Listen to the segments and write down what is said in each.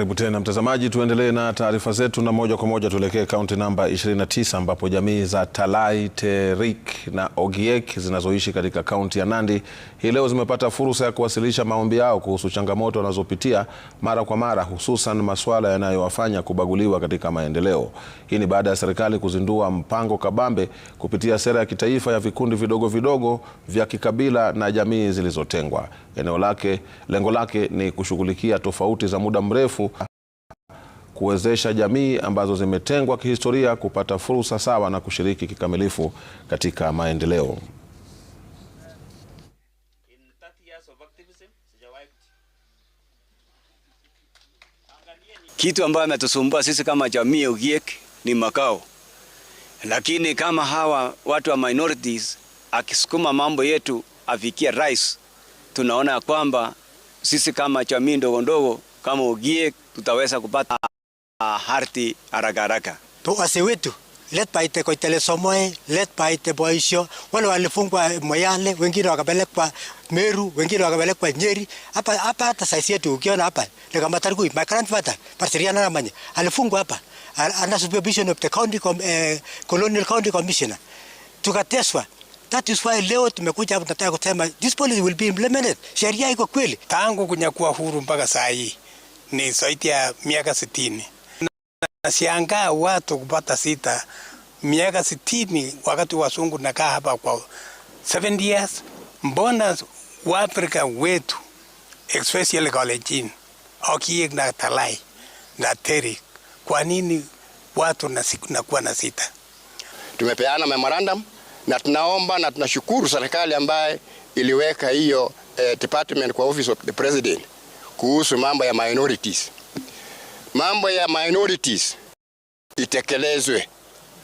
Karibu tena mtazamaji, tuendelee na taarifa zetu na moja kwa moja tuelekee kaunti namba 29 ambapo jamii za Talai, Terik na Ogiek zinazoishi katika kaunti ya Nandi hii leo zimepata fursa ya kuwasilisha maombi yao kuhusu changamoto wanazopitia mara kwa mara, hususan masuala yanayowafanya kubaguliwa katika maendeleo. Hii ni baada ya serikali kuzindua mpango kabambe kupitia sera ya kitaifa ya vikundi vidogo vidogo vya kikabila na jamii zilizotengwa. Eneo lake lengo lake ni kushughulikia tofauti za muda mrefu, kuwezesha jamii ambazo zimetengwa kihistoria kupata fursa sawa na kushiriki kikamilifu katika maendeleo. Kitu ambayo ametusumbua sisi kama jamii Ugiek ni makao, lakini kama hawa watu wa minorities akisukuma mambo yetu afikie rais tunaona kwamba sisi kama jamii ndogo ndogo kama Ogiek tutaweza kupata harti ah, haraka haraka. To Wazee wetu let paite kwa somoe let paite Boisho, wale walifungwa Moyale, wengine wakapelekwa Meru, wengine wakapelekwa Nyeri. Hapa hapa hata saizi yetu ukiona hapa ni kama tariku my grandfather Pasiriana Namanye alifungwa hapa under supervision of the county com, eh, colonial county commissioner tukateswa That is why leo tumekuja hapa tunataka kusema this policy will be implemented. Sheria iko kweli. Tangu kunyakuwa huru mpaka saa hii ni zaidi ya miaka sitini. Nasiangaa watu kupata sita miaka sitini wakati wasungu nakaa hapa kwa 70 years. Mbona Waafrika wetu especially Kalenjin, Okiek na Talai na Terik, kwa nini watu nakuwa na sita? Tumepeana memorandum na tunaomba na tunashukuru serikali ambaye iliweka hiyo eh, department kwa office of the president kuhusu mambo ya minorities. Mambo ya minorities itekelezwe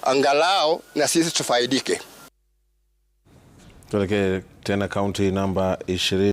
angalau na sisi tufaidike. Tuelekee tena kaunti namba 20.